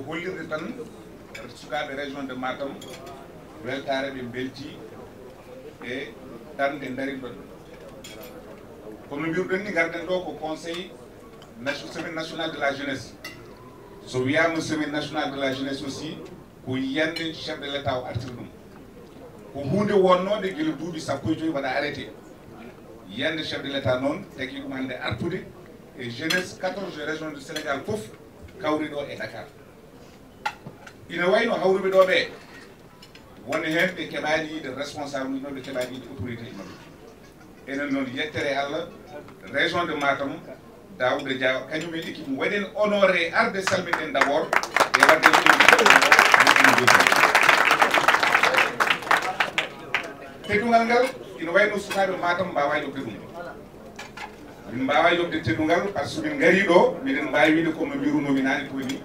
pour les tan région de matam weltaare belti et e darde comme le mbiruɗen ni garden do ko conseil semaine national de la jeunesse so wiyama semaine national de la jeunesse aussi ko yiyande chef de l'État état o artiri ko hunde wonnode guila duuɓi sa ko joyi arrêté chef de l'État. non noon tagui ɗum artude et jeunesse 14 régions du sénégal pouf kawri et dakar ina wayno hawruɓe ɗo ɓe woni hen ɓe keɓani yiide responsable uji noon ɓe keɓani yiide autorité ji mabɓe enen noon yettere allah région de matam dawde dia kañumen équipe waɗen honoré arde salminen d' abord e wadde teddungal ngal ina wayno sukaɓe matam mbawa yobde ɗum min mbawa yobde teddungal par ce que min gari ɗo miɗen mbawi wiide kono mbirunomi nani koni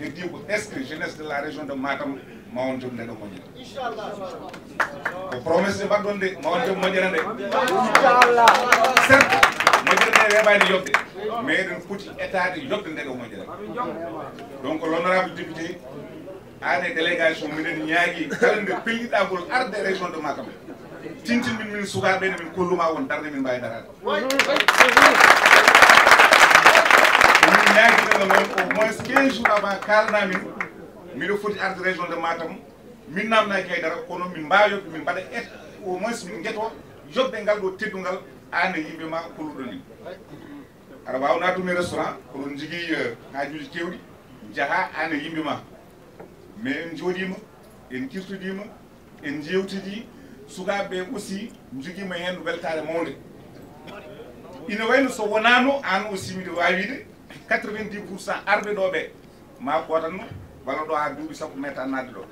et dire ko est-ce que jeunesse de la région de Matam ma won jom ndeɗo moƴƴata ko promesse ɓe mbaɗɗon de ma won jom moƴƴata nde certes moƴƴere nde weeɓani yobde mais eɗen poti étade yobde ndeɗo moƴƴere donc l'honorable député an e délégation minen ñaagui kala nde pelliɗagol arde région de matam tintin min min sukaɓe ben min kolluma won darde min mbawi dara ñagitano men au moins 15 jours avant kalanamin miɗo foti arde région de matam min namdaki haydara kono min mbawyoɓe min mbaɗa et au moins min gueto jobde ngal ɗo teddungal anne yimɓema kolluɗo ni aɗa wawna tumi e restaurant koɗon jigui e hajuji kewɗi jaaha anne yimɓema mais en jooɗima en kirtudima en jewtidi sukaɓeɓe aussi jogima hen weltare mawde ina wayno so wonano an aussi miɗo wawide 90 pour cent arde ɗo ɓe ma kotanno walla ɗo ha duuɓi sappo meta nadde ɗo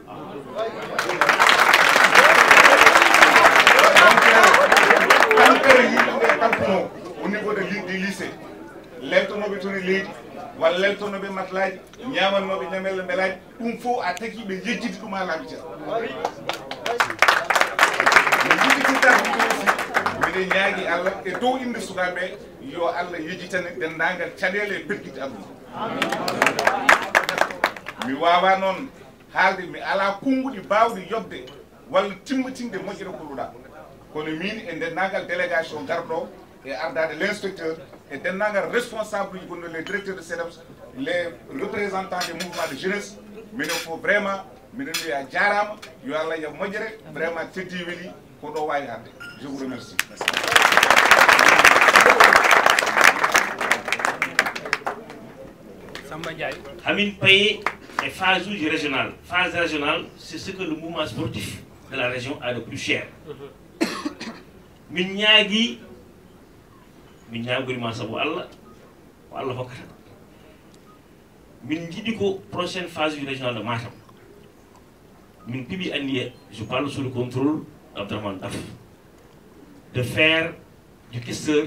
tampere yimɓeɓe tampuno au niveau de lycée leltonoɓe toni leydi walla leltonoɓe matelaji ñamannoɓe ñamelle mbelaji ɗum fof a taki ɓe yejjidi ɗum ha laaɓi ceer mi yiɗi kitta ɗum ɓe si mbiɗe ñaagui allah e dow inde sukaɓeɓe yo allah yejitane denndaangal caɗeele e perkitte aduna mi wawa noon haalde mi alaa konnguɗi baawɗi yobde walla timmitinde moƴƴere koɗuɗa kono min e denndaangal délégation garɗo e ardade l' inspecteur e denndaangal responsable uji gonno les directeur de sédeps les représentants des mouvements de jeunesse Mais minen faut vraiment minen wiya jarama yo allah yo moƴƴere vraiment teddi weeli ko ɗo wawi hande je vous remercie Amine Paye est phase régionale. Phase régionale, c'est ce que le mouvement sportif de la région a de plus cher. Mignagi, mhm. ñaagui min allah allah min prochaine phase du régional de matam min je parle sous le contrôle de faire du caisseur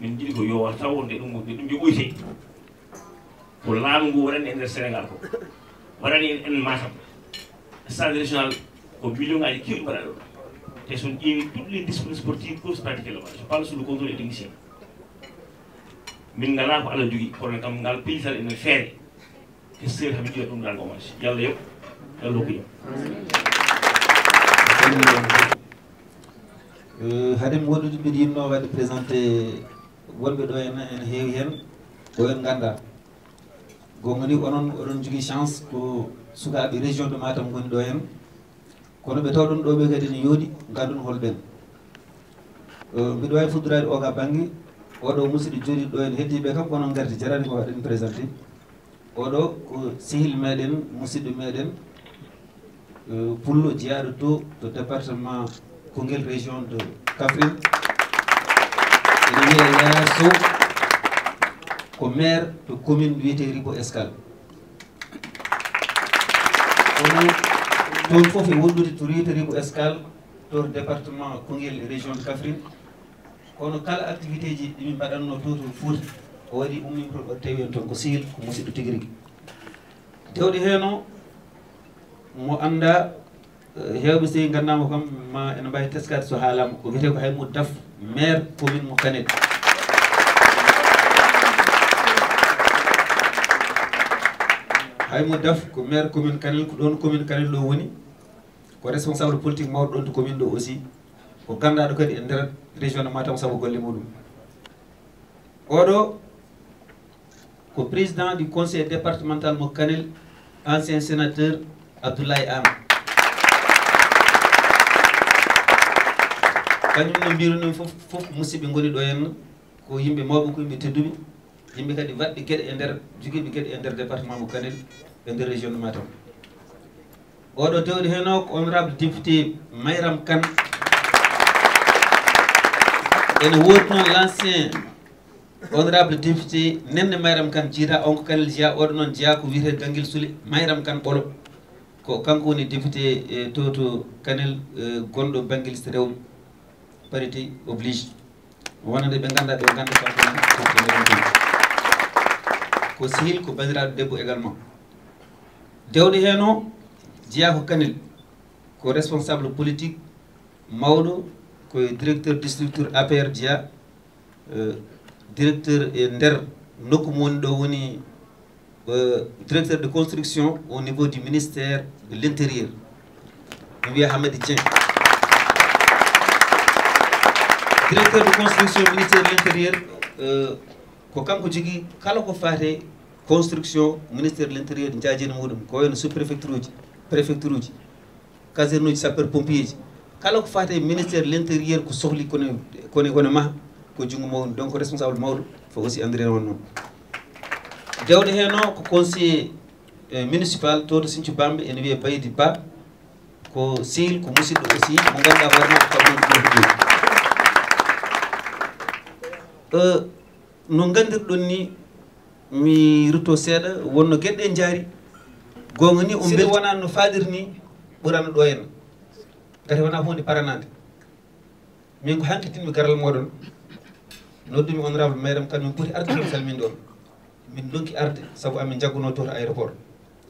min jiɗi ko yo wat taw wonde ɗum nde ɗum jogoyte ko laamu ngu waɗani e nder sénégal ko waɗani en matam stade régional ko million ngaji kewɗi mbaɗa ɗo te son ƴeewi toutes les disciplines sportives course pratiqué lama je parle sur le contrôle et technicien min ngala ko allah jogui kono kam ngal paysan ene feere histoire hamin jiɗa ɗum dal match yalla yo yalla ko yom eh, haade mi woɗɗude mbiɗa yimno wadde présenté wonɓe ɗo en en heewi heen ko en ngannda gonga ni onon oɗon jogii chance ko sukaaɓe région de matam ngoni ɗo heen kono ɓe tawɗon ɗo ɓe kadi ne yooɗi ngandun holɓen mbiɗo waawi fuddoraade o ka baŋnge oɗo musidɗo jooɗi ɗo en heddii ɓe kam onon ngardi jarani ko waɗen présenté oɗo ko sihil meɗen musidɗo meɗen e, pullo jeyaaɗo to to département kongel région de kafrine wiyee yaaso ko maire to commune wiyete ribo escal kono toon fof e wondude to wiyete ribo escal toon département kongel e région de kafrine kono kala activité ji ɗi min mbaɗatno to to fouti o waɗi ummimro ɗo tawi en toon ko sihil ko musidɗo tigi rigui dewɗo heeno mo anda hewɓe eh, so yi gandama kam ma ene mbawi teskade so haalama ko wiyete ko haymo daf maire commune Moukanet. haymo daf maire commune kanel ko commune kanel ɗo woni responsable politique de ɗon to commune de aussi ko Canada kadi e région de matam saabu golle odo président du conseil départemental mo ancien sénateur abdoulaye Am. kañum no mbirunin fof fof musidɓe ngoni ɗo henna ko yimɓe mawɓe ko yimɓe tedduɓe yimɓe kadi waɗɓe geɗe e nder jogiɓe geɗe e nder département mo kanel ɓe nder région de matam oɗo dewɗo heno ko honorable député mayram kane ene woodi noon l' ancien honorable député nenne mayram kane jiita on ko kalel jeya oɗo noon jeya ko wiyete gangel suule mayram kane ɓolo ko kanko woni député e, to to kanel e, gonɗo bangel rewɓe parité oblige Wana de ngannda de ngannda kamɓen ɓen ko sehil ko bandiraɗo également dewɗo heen o jeeya ko kanel ko responsable politique mawɗo koye directeur districteur apr jeeya directeur e nder nokku woni ɗo euh, directeur de construction au niveau du ministère de l'intérieur. intérieur hamadi dien directeur de uh, construction ministére de l' intérieur ko kanko jogui kala ko fate construction ministére de l'intérieur intérieur muɗum ko wayno sous préfecture uji préfecture uji caserne uji sapeur pompier ji kala ko fate ministére de l' intérieur ko sohli kone kone kone ma ko junggo mawɗum donc responsable mawɗo fo aussi andiren won noon dewde hen o ko conseiller eh, municipal to to sinthiou bambe ene wiye baydi ba ko sehil ko musidɗo aussi mo ganduɗa hoore makko kaɓnoɗo no gandirɗon ni mi ruto seeɗa wonno gueɗɗe e jaari gonga ni o bel wona no faaɗir ni ɓurana ɗo henna gati wona hunde paranade min ko hankitinmi garal moɗon noddumi honorable mairam kam min poti arde tom salmin ɗon min donki arde saabu amin jagguno toto e aéroport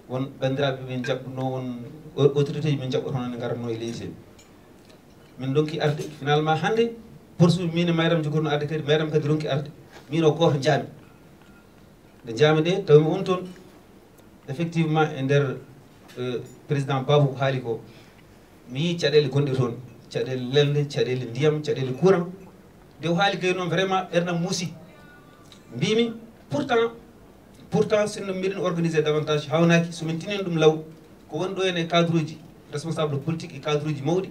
won bandiraɓe min jagguno won autorité ji min jaɓɓotono ne garanno e leysi min donki arde finalement hande poursuivi min e mayram jogorno arde kadi mayram kadi ronki arde min o koto jaami nde jaami ɗe tawmi on toon effectivement e nder e président babou haali ko mi yii caɗele gonɗe toon caɗele lelde caɗele ndiyam caɗele courant nde o haali kadi noon vraiment ɓernam muusi mbimi pourtant pourtant sinno mbiɗen organisé davantage hawnaki somin tinino ɗum law ko woni ɗo ene cadre uji responsable politique e cadre uji mawɗi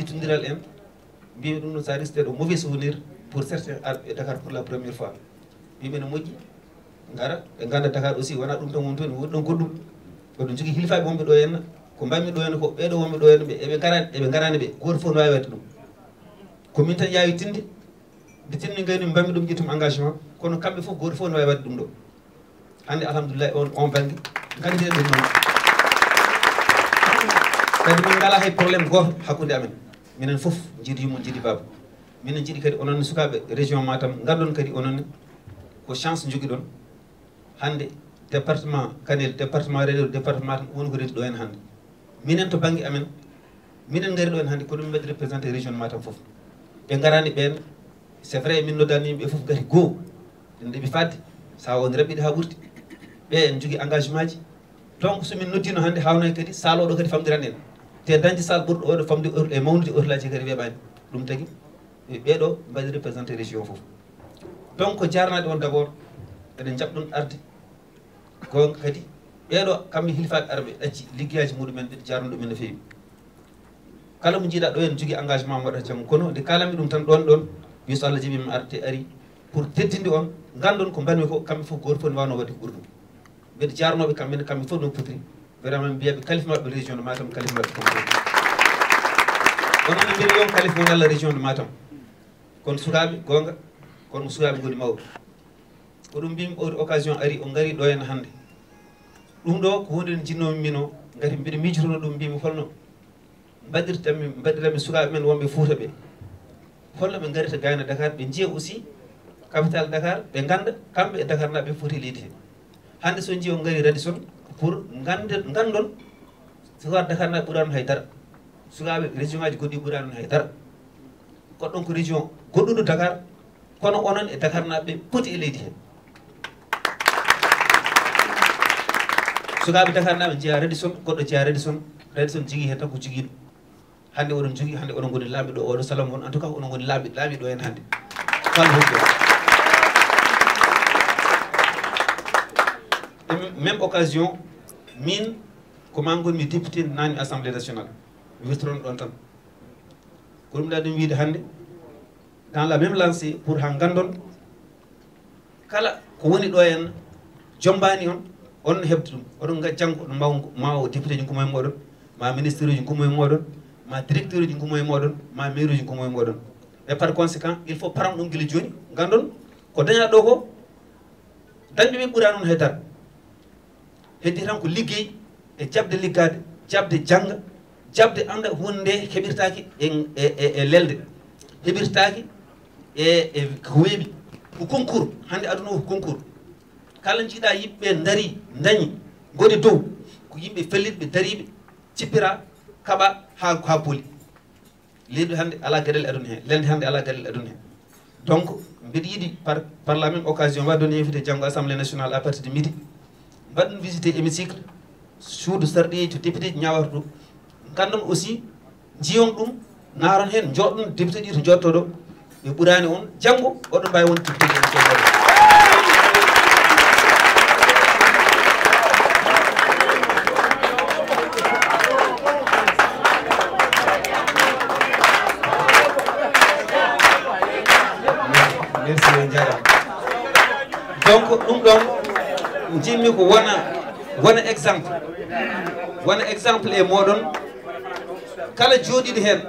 ittodiral en mbimi ɗum ɗon sa risté ɗo mauvais souvenir pour certains arɓe dakar pour la première fois mbimi ne moƴƴi gara ɓe ganda dakar aussi wona ɗum tan wontoni woni ɗon goɗɗum oɗon jogui hilfaɓe wonɓe ɗo henna ko mbammi ɗo henna ko ɓeɗo wonɓe ɗo henna ɓe eɓe garani eɓe garani ɓe goto fof ne wawi wadde ɗum komin tan yawi tinde nde tinmi gayni mi mbammi ɗum ƴettum engagement kono kamɓe foof goto fof ne wawi wadde ɗum ɗo hande alhamdoulillahi on on bangue gandiɗen ɗum noon kadi min ngala hay probléme goto hakkude amen minen fof jiiɗimo jiiɗi baaba minen jiiɗi kadi onon sukaaɓe région matam ngallon kadi onone ko chance jogi ɗon hannde département kanel département rel département tan woni ko reti ɗo hen hannde minen to banggue amen minen gari ɗo hen hannde ko ɗum mbaɗi représenté région matam fof ɓe garani ɓen c' est vrai min noddani yimɓe fof gati goho ɗen ndeɓi fadde sa woni reɓɓiɗi ha ɓurti ɓe en jogui engagement ji donc somin noddino hannde hawnoy kadi saloɗo kadi famdiran en te dañde sal ɓurɗo oɗo famde ur e mawnude urlaji kadi weɓani ɗum tagui e ɓeeɗo mbaɗi représenté région foof donc jarnade on d' abord eɗen jaɓɗum arde gonga kadi ɓeeɗo kamɓe hilfaɓe arɓe ɗacci liggueyaji muɗumen ɓe jarnu ɗumen no fewi kala mo jiiɗa ɗo en jogui engagement mwaɗata jango kono nde kalami ɗum tan ɗon ɗon wiso allah jibimi arde ari pour teddinde on ganduon ko mbanmi fo kamɓe fof goto fof ne wawno waɗde ko ɓurɗum ɓeɗe jarnoɓe kamɓene kamɓe fof no potiri vraiment mbiya ɓe kalife maɓɓe région de matam kalife maɓɓe ko onoon mbiɗa yon kalife won allah région de matam kono sukaɓe gonga kono ko sukaɓe goni mawɓe ko ɗum mbimi ɓawdi occasion ari o gari ɗo henna hannde ɗum ɗo ko hunde nde jinnomi mino gati mbiɗa mijotono ɗum mbimi holno mbaɗirtami mbaɗirami sukaɓe men wonɓe fouta ɓe holno ɓe garita gayna dakar ɓe jiiya aussi capital dakar ɓe ganda kamɓe e dakar naɓe ɓe foti liidete hannde so jiiya o gari radison kur ngandet ngandon suwa wadda kana buran haitar suwa be ngaji aji ɓuran buran haitar ko goddo do dakar kono onon e eh, dakar na be puti elidi suwa be dakar naɓe jeeya radison goɗɗo jeeya radison radison jigui jigi heta ko jigi hande oɗon jigi hande oɗon goni laaɓi ɗo oɗo salam won en tout cas oɗon goni laaɓi laaɓi do en hande même occasion min koman gonmi député nami assemblé nationale mi wirtoron ɗon tan ko ɗum ɗa ɗum wiide hannde dans la même lancée pour han gandon kala ko woni ɗo en jombani on on heɓde ɗum oɗon gajjanko no ma o député ji ngumo e moɗon ma ministre uji ngumo e moɗon ma directeur uji ngumo e moɗon ma maire uji ngumo e moɗon et par conséquent il faut param ɗum guila joni gandon ko daña ko dañɓe ɓuura noon haydara heddi ranko liggey e jaɓde liggade jaɓde jangga jaɓde anda hunde heɓirtaki e e lelde hebirtaaki e e, e, e weeɓi ko concours hande aduna o ko concours kala jiiɗa yibbe ndari dañi godi dow ko yimbe fellibe daariɓe cippira kaba ha ha booli leydi hande ala gadel e aduna hen lende hande ala gadel aduna hen donc mbiɗa yidi par par la même occasion va mbaɗon invité jango assemblée nationale à partir de midi mbaɗɗum visité hémicycle suudu sarɗiji to député ji ñawata ɗum kanndum aussi jiyon ɗum naaron heen jooɗɗum député ɗi to jotto ɗo ɓe ɓuraani on janngo oɗon mbawi won tammi ko wona wona exemple wona exemple e moɗon kala joɗiɗo hen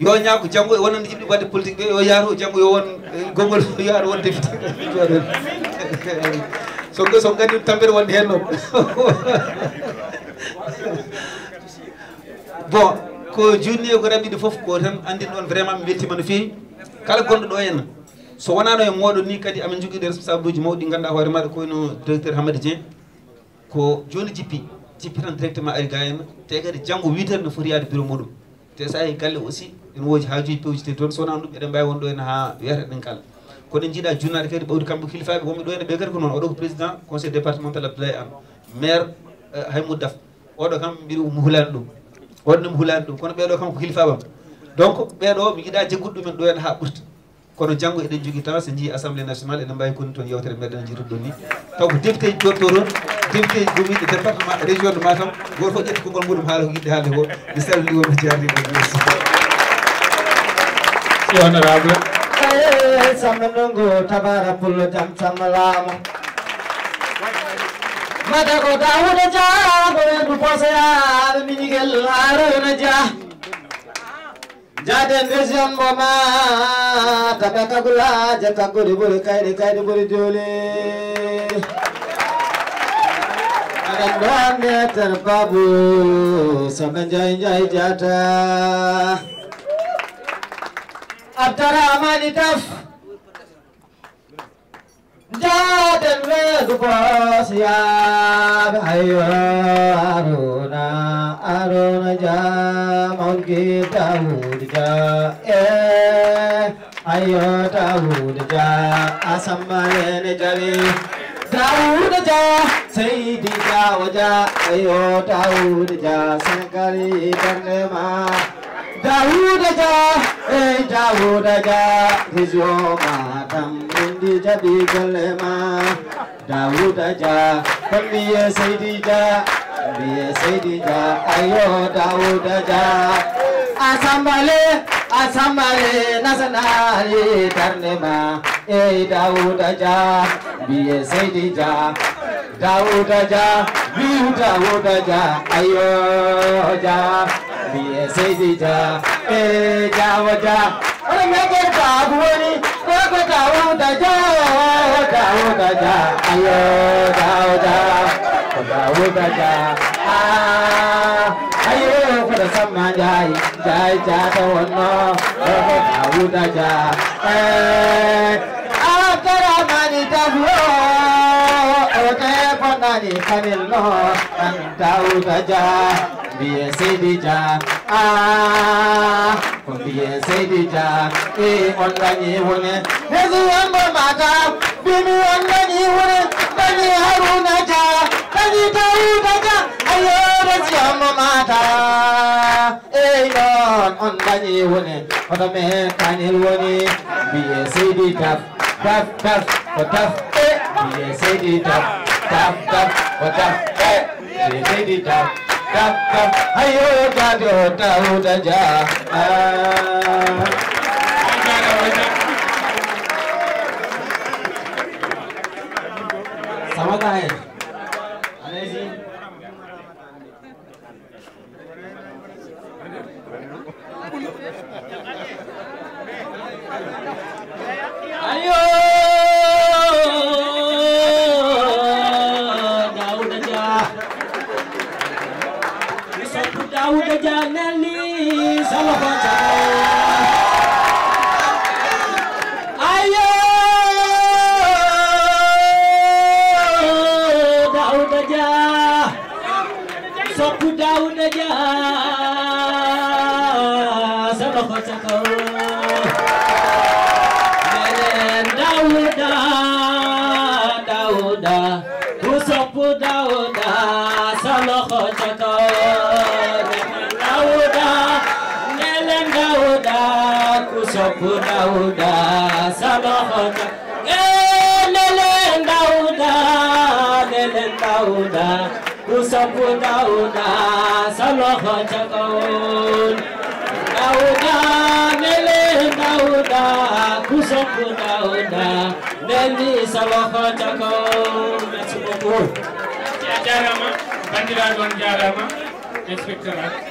yo ñako janggo e wonande yimɓe wadde politique ɓe yo yaaro janggo yo won eh, gongol yo yaaro won député joɗon soko so gandi ɗum tampere wonde hen noon bon ko jutni e ko rabɓiɗe foof ko tan andin ɗon vraiment mi weltima no fewi kala gonɗo ɗo henna so wonano e mooɗon ni kadi amin jogiide responsable uji mawɗi ganduɗa hoore maɗa koyno directeur hamady dien ko joni jippi jippi tan directement ari ga henna te kadi janggo witere no foti yaade bureau muɗum te sa ahi e galle aussi ene wooji hajuji pewji te toon so wonano ɗum eɗen mbawi wonɗo henna ha wiyata ɗen kala koɗen jiiɗa jurnade kadi ɓawdi kamɓe kilifaɓe wonɓe ɗo henna ɓe kadi ko noon oɗo ko président conseil départemental abdoulaye an maire eh, haymoudou daf oɗo kam mbiɗ mo hulani ɗum oɗo nomi hulani ɗum kono ɓeɗo kam ko kilifaɓam donc ɓeɗo mi yiiɗa jeggude ɗumen ɗo henna ha ɓurta kono janngo eden jogi tawa se jii assemblée nationale eden mbawi koni toon yewtere meɗen jiitudɗon ni taw ko député ji jotto toon député ji gomiɗe département région de matam goto foof ƴetti kongol muɗum haala ko yiɗɗi haalde ko mi salli wonmo jarnimo merci si honorable samnanongo tabara pullo jam sammalamo mata ko dawuda dia kowendu poseyaɓe miniguel harona dia jaden région mo ma kata kagula je kaguri buri kaidi kaidi buri juli adan donde terpabu sampai jai jai jata Abdara amani taf jaden we gubos ya ayo aruna aruna ja mau kita udah eh ayo Dawud ja asamane jawe Dawud ja sayyidi ja waja ayo Dawud ja sankari karma Dawud ja ay Dawud ja hizo madam indi jabi kalma ja sayyidi ja sayyidi ja ayo Dawud ja asamare nasanari tarnema e dauda ja biye saidi ja dauda ja biu dauda ja ayo ja biye saidi ja e jawa ja ore mege tabuoni koko dauda ja dauda ja ayo dauda dauda ja ah ta sama jaay jaay jaata wonno ɗoko awuda ja alakaramani taflo ote bonnani kamilno an tawuda ja mbiye seydi ja a ko mbiye seydi e on dañi wone hesu wongo mata bimi on Babylon under the one, but a man can heal one. BSAD tough, tough, tough, for tough, eh. BSAD tough, tough, tough, for tough, eh. BSAD tough, tough, tough. Ayo, Jajo, Tahu, Taja. Ah. समझ आए daawuda jaanal nii sa loxo ayo daawuda sopp Dawda sa loxo na ne leen Dawda ne leen Dawda ku sopp Dawda sa loxo ca kawoon Dawda ne leen Dawda ku sopp Dawda mel ni sa loxo ca kawoon merci beaucoup. jaaraama bandiraal woon jaaraama inspecteur